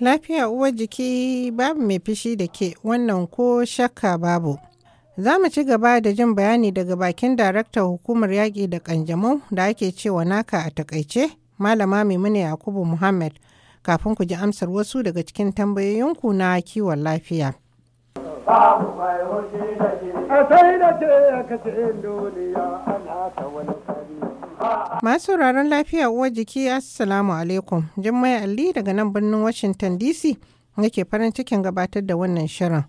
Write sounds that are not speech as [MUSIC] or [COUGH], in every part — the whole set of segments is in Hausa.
Lafiya uwar jiki babu mai fishi da ke wannan ko shakka babu. Za mu ci gaba da jin bayani daga bakin daraktan hukumar yaƙi da ƙanjamau da ake cewa naka a takaice, Malama Maimuna Yakubu Muhammad, kafin ku ji amsar wasu daga cikin tambayoyinku na kiwon lafiya. Ma Masu sauraron lafiya uwar jiki Assalamu alaikum. Jummai Ali daga nan birnin Washington DC nake farin cikin gabatar da wannan shirin.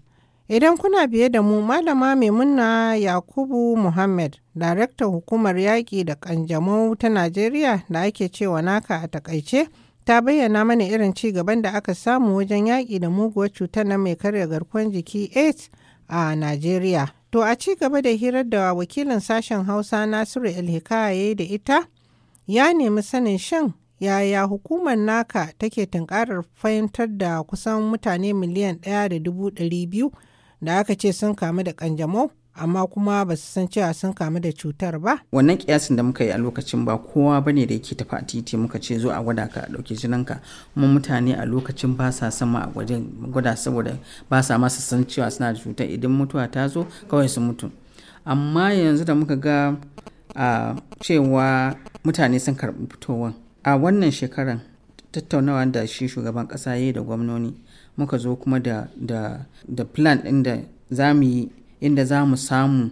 Idan kuna biye da mu Malama Maimuna Yakubu Muhammad, Daraktan Hukumar Yaƙi da Ƙanjamau ta Najeriya da ake cewa naka a takaice, ta bayyana mana irin ci gaban da aka samu wajen yaƙi da muguwar cutar na mai karya garkuwar jiki AIDS a Najeriya. To a ci gaba da hirar da wakilin sashen Hausa Nasiru alhikaye da ita ya nemi sanin shin yaya hukumar naka take tunkarar fahimtar da kusan mutane miliyan ɗaya da da aka ce sun kamu da ƙanjamau amma kuma ba su san cewa sun kamu da cutar ba. Wannan kiyasin da muka yi a lokacin ba kowa ba ne da yake tafi a titi muka ce zo a gwada ka a ɗauki jininka kuma mutane a lokacin ba sa san ma a gwada saboda ba sa ma san cewa suna da cutar idan mutuwa ta zo kawai su mutu. Amma yanzu da muka ga a cewa mutane sun karɓi fitowar a wannan shekaran tattaunawa da shi shugaban ƙasa ya da gwamnoni muka zo kuma da plan ɗin da za mu yi inda za mu samu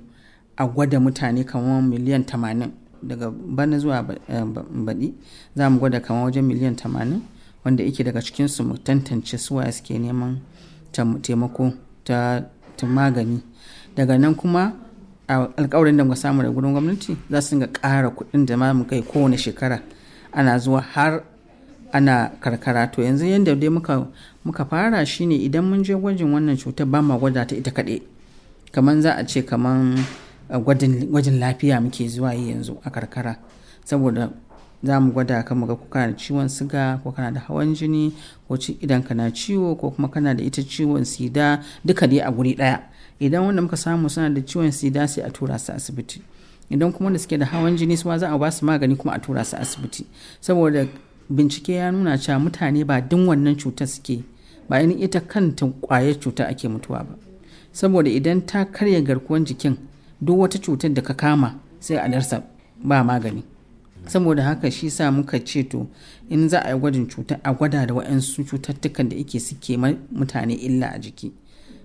a gwada mutane kamar miliyan tamanin daga bana zuwa eh, baɗi za mu gwada kamar wajen miliyan tamanin wanda yake daga cikinsu mu tantance suwa suke neman taimako ta magani daga nan kuma a alkawarin da muka samu da gudun gwamnati za su ga ƙara kuɗin da ma mu kai kowane shekara ana zuwa har ana karkara to yanzu yadda dai muka fara shine idan mun je gwajin wannan cutar ba ma gwada ta ita kaɗai kamar za a ce kamar eh, gwajin lafiya muke zuwa yi yanzu a karkara saboda za mu gwada ka muga ko kana da ciwon siga ko kana da hawan jini ko idan ka ciwo ko kuma kana da ita ciwon sida duka dai a guri daya idan wanda muka samu suna da ciwon sida sai a tura su asibiti idan kuma da suke da hawan jini su za a ba su magani kuma a tura su asibiti saboda bincike ya nuna cewa mutane ba din wannan cutar suke ba ita kanta kwayar cuta ake mutuwa ba saboda idan ta karya garkuwan jikin duk wata cutar da ka kama sai a darsa ba magani saboda haka shi sa muka ce to in za a yi gwajin cuta a gwada da waɗansu cututtukan da ike suke mutane illa a jiki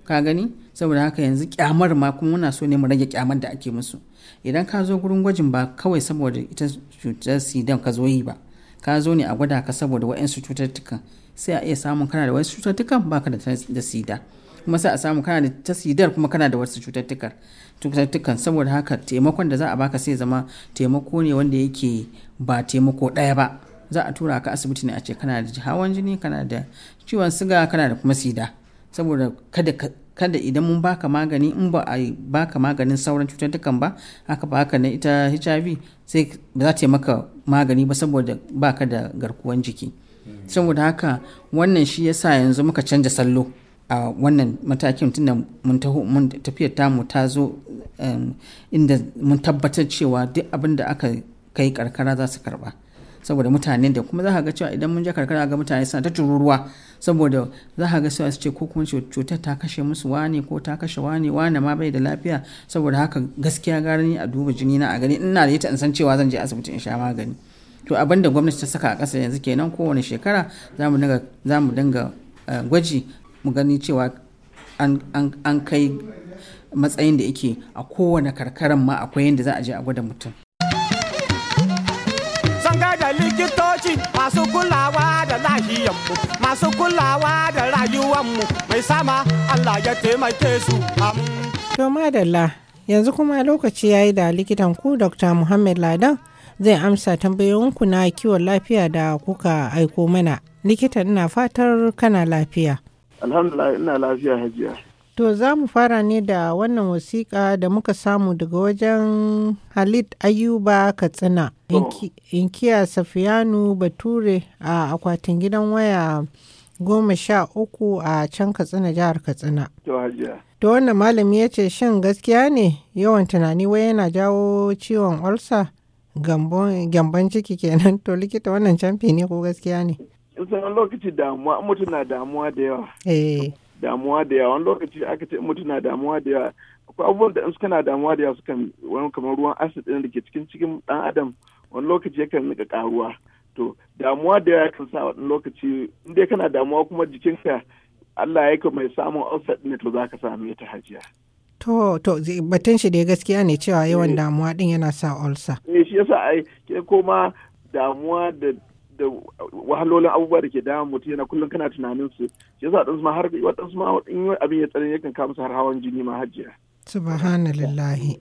ka gani saboda haka yanzu kyamar ma kuma muna so ne mu rage kyamar da ake musu idan ka zo gurin gwajin ba kawai saboda ita cutar sidan ka zo yi ba ka zo ne a gwada ka saboda waɗansu cututtukan sai a iya samun kana da wasu cututtukan baka da sida kuma sai a samu kana da tasidar kuma kana da wasu cututtukan cututtukan saboda haka taimakon da za a baka sai zama taimako ne wanda yake ba taimako ɗaya ba za a tura ka asibiti ne a ce kana da hawan jini kana da ciwon siga kana da kuma sida saboda kada kada idan mun baka magani in ba a baka maganin sauran cututtukan ba aka baka na ita HIV sai ba za ta maka magani ba saboda baka da garkuwan jiki hmm. saboda haka wannan shi yasa yanzu muka canja sallo a wannan matakin tunda mun taho mun tafiyar tamu ta zo inda mun tabbatar cewa duk abin da aka kai karkara za su karba saboda mutane da kuma za ka ga cewa idan mun je karkara ga mutane suna ta tururuwa saboda za ka ga su ce ko kuma cutar ta kashe musu wane ko ta kashe wane wane ma bai da lafiya saboda haka gaskiya garani a duba jini na a gani ina da ita in san cewa zan je asibiti in sha magani to abin da gwamnati ta saka a kasa yanzu kenan kowane shekara za mu dinga eh, gwaji mu gani cewa an kai matsayin da yake a kowane karkaran ma akwai yadda za a je a gwada mutum. da likitoci masu kulawa da lahiyanmu, masu kulawa da rayuwanmu mai sama Allah ya taimake su To madalla yanzu kuma lokaci ya yi da likitan ku Dr. Muhammad Ladan zai amsa tambayoyinku na kiwon lafiya da kuka aiko mana. Likitan ina fatar kana lafiya. alhamdulillah ina lafiya hajiya to za mu fara ne da wannan wasiƙa da muka samu daga wajen halit ayuba katsina inkiya safiyanu bature a akwatin gidan waya goma sha uku a can katsina jihar katsina to wannan malami ya ce shin gaskiya ne yawan tunani wai yana jawo ciwon olsa gyambon ciki kenan [LAUGHS] to likita wannan canfi ne ko gaskiya ne san wani lokaci damuwa in mutum na damuwa da yawa eh. damuwa da yawa wani lokaci aka ce in mutum na damuwa da yawa akwai abubuwan da in suka na damuwa da yawa sukan wani kamar ruwan acid ɗin da ke cikin cikin ɗan adam wani lokaci yakan nika karuwa to damuwa da yawa kan sa wani lokaci in dai kana damuwa kuma jikinka Allah ya mai samun ulcer ne to za ka same ta hajiya. To, to, batun shi dai gaskiya ne cewa yawan eh. damuwa din yana sa ulcer. Ne eh, shi yasa ai ke koma damuwa da da wahalolin abubuwa da ke damun mutum yana kullum kana tunanin su shi yasa dan ma har wadansu ma in abin ya tsare yakan kama su har hawan jini ma hajjiya subhanallahi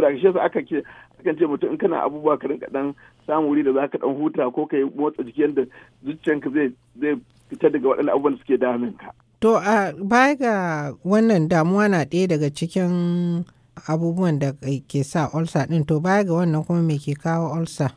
da shi yasa aka ke akan ce mutum in kana abubuwa ka rinka dan samu wuri da za ka dan huta ko ka motsa jiki yanda zuciyanka zai zai fita daga waɗannan abubuwan da suke damun ka to a baya ga wannan damuwa na ɗaya daga cikin abubuwan da ke sa ulcer din to baya ga wannan kuma me ke kawo ulcer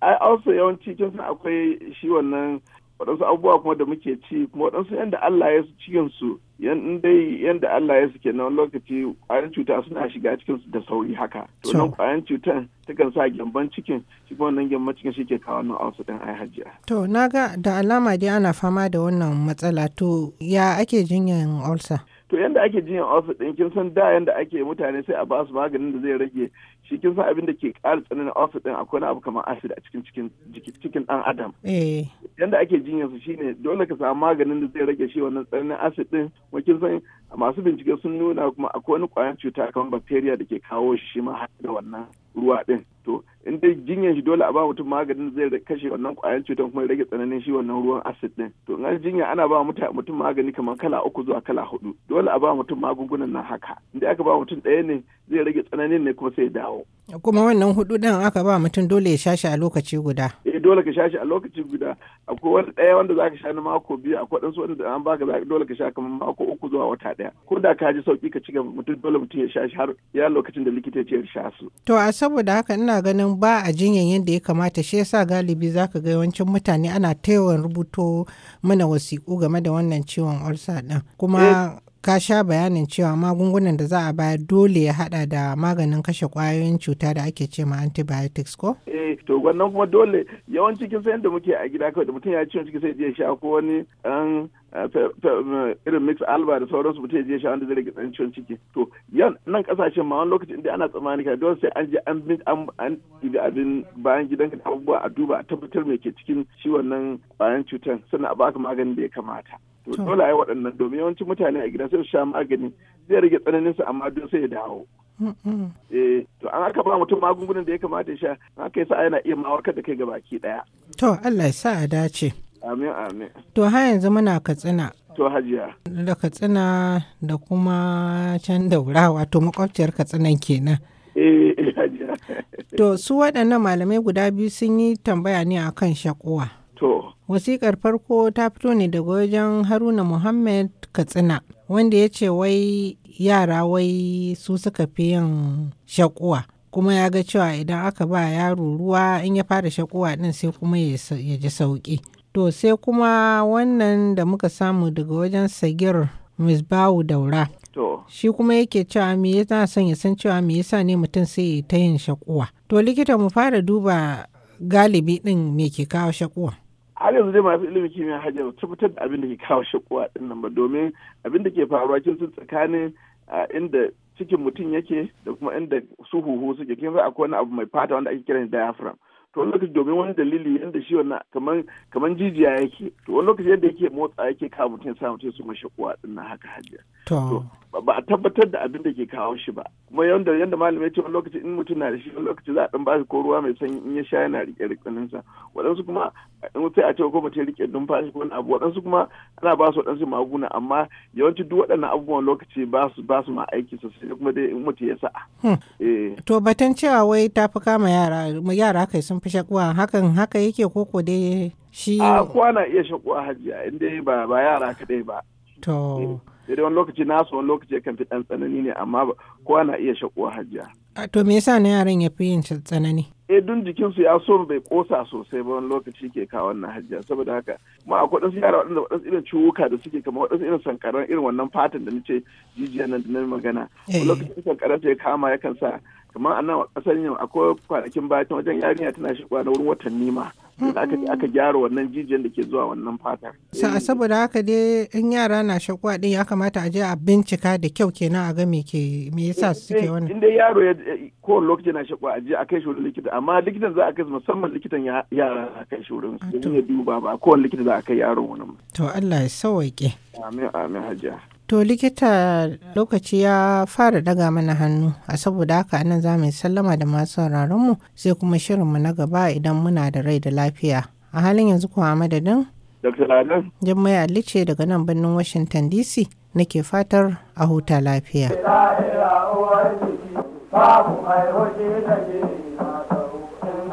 also yawanci kin akwai shi wannan waɗansu abubuwa kuma da muke ci kuma waɗansu yadda Allah ya su cikin yan dai yadda Allah ya su kenan lokaci ƙwayan cuta suna shiga cikin da sauri haka to nan ƙwayan cutan takan sa gyamban cikin shi kuma wannan gyamban cikin shi ke kawo nan ausu ɗin ai hajiya. to ga da alama dai ana fama da wannan matsala to ya ake jinyan ulcer. to yadda ake jinyan ofis ɗin kin san da yadda ake mutane sai a ba su maganin da zai rage shi kin abin da ke ƙara tsananin acid din akwai abu kamar acid a cikin cikin cikin dan adam eh. yanda ake jinyar su shine dole ka samu maganin da zai rage shi wannan tsananin acid din kuma kin san masu bincike sun nuna kuma akwai wani ƙwayar cuta kamar bacteria da ke kawo shi ma da wannan ruwa din to in dai jinyar shi dole a ba mutum maganin zai kashe wannan kwayan cutar kuma rage tsananin shi wannan ruwan acid din to in jinya ana ba mutum magani kamar kala uku zuwa kala hudu dole a ba mutum magungunan nan haka in inda aka ba mutum ɗaya ne zai rage tsananin ne kuma sai ya dawo kuma wannan hudu din aka ba mutum dole ya sha shi a lokaci guda dole ka sha shi a lokaci guda akwai wani ɗaya wanda ka sha na mako biyu akwai su wanda an baka dole ka sha kamar mako uku zuwa wata ɗaya ko da ka ji sauki ka ci gaba mutum dole mutum ya sha shi har ya lokacin da likita ce ya sha su. to a saboda haka ina ganin ba a jinyan yadda ya kamata shi yasa galibi zaka ga yawancin mutane ana ta yawan rubuto mana wasiƙu game da wannan ciwon olsa ɗin kuma eh, ka sha bayanin cewa magungunan da za a bayar dole ya hada da maganin kashe kwayoyin cuta da ake ce ma antibiotics ko? Eh, to wannan kuma dole yawanci kin san yadda muke a gida kawai da mutum ya ciwon ciki sai ya sha ko wani um, eh, um, irin mix alba da sauransu mutum ya je sha wanda zai rage tsanin ciwon ciki to yan nan kasashen ma wani lokacin inda ana tsammani ka dole sai an je an bin an ibi abin bayan gidanka da abubuwa a duba a tabbatar me ke cikin ciwon nan kwayan cutan sannan a baka maganin da ya kamata dole a yi waɗannan domin yawancin mutane a gida sai su sha magani zai rage tsananin su amma don sai ya dawo eh to an aka ba mutum magungunan da ya kamata ya sha an kai sa yana iya mawarkar da kai ga baki ɗaya. to Allah ya sa a dace amin amin to har yanzu muna katsina to hajiya da katsina da kuma can daura wato makwabciyar katsinan kenan eh, [LAUGHS] to su waɗannan malamai guda biyu sun yi tambaya ne akan shakuwa to Wasikar farko ta fito ne daga wajen Haruna Muhammad Katsina, wanda ya ce wai yara wai su suka fi yin shakuwa. Kuma ya ga cewa idan aka ba yaro ruwa in ya fara shakuwa din sai kuma ya ji sauƙi. To sai kuma wannan da muka samu daga wajen Sagir misbawu Daura. Shi kuma yake cewa me yasa son ya san cewa me yasa ne mutum sai ta yin shakuwa. To likita mu fara duba galibi din me ke kawo shakuwa. har yanzu dai masu ilimin kimiyya hajjar tabbatar da abin da ke kawo shakuwa din nan ba domin abin da ke faruwa kin sun tsakanin inda cikin mutum yake da kuma inda su huhu suke kin san akwai wani abu mai fata wanda ake kiran diaphragm to wani lokaci domin wani dalili yadda shi wannan kaman kaman jijiya yake to wani lokaci yadda yake motsa yake kawo mutum ya sa mutum su mashi kuwa din nan haka hajjar to ba a tabbatar da abin da ke kawo shi ba kuma yadda yadda malam ya ce wani lokaci in mutum na da shi wani lokaci za a dan bashi ko ruwa mai sanyi in ya sha yana rike rikenin sa waɗansu kuma in sai a ce ko mutum rike numfashi ko wani abu waɗansu kuma ana ba su waɗansu maguna amma yawanci duk waɗannan abubuwan lokaci ba su ba su ma aiki sosai kuma dai in mutum ya sa hmm. eh. to batun cewa wai ta fi kama yara yara kai sun fi shakuwa hakan haka yake ko dai shi. a kowa na iya shakuwa hajiya in dai ba ba yara kadai ba. to. Eh. sai dai wani lokaci nasu wani lokaci kan fi ɗan tsanani ne amma kowa na iya shakuwa hajjia. A to me yasa na yaran ya fi yin tsanani? Eh dun jikinsu ya so bai kosa sosai ba wani lokaci ke kawo wannan hajjia saboda haka ma akwai waɗansu yara waɗanda waɗansu irin ciwuka da suke kamar waɗansu irin sankaran irin wannan fatan da nace jijiya nan da na magana. Eh. Wani lokacin sankaran ta ya kama yakan sa kamar a nan ƙasar yau akwai kwanakin bayan wajen yarinya tana shakuwa na wurin watanni ma. aka gyara wannan jijiyan da ke zuwa wannan fatar. saboda haka dai in yara na shakuwa din ya kamata a je a bincika da kyau kenan a ga me ke me yasa suke eh, wannan. Inda yaro ya eh, ko lokacin na shakuwa a je a kai shi likita amma likitan za a kai musamman likitan yara a kai shi wurin ah, ya duba ba kowane likita za a kai yaro wani. To Allah ya sauwaƙe. Amin amin hajiya. To likita lokaci ya fara daga mana hannu, a saboda haka nan za mu sallama da masu mu sai kuma shirin mu na gaba idan muna da rai da lafiya. A halin yanzu kuwa madadin? Dr. Adam. Jummai daga nan birnin Washington DC nake fatar a huta lafiya.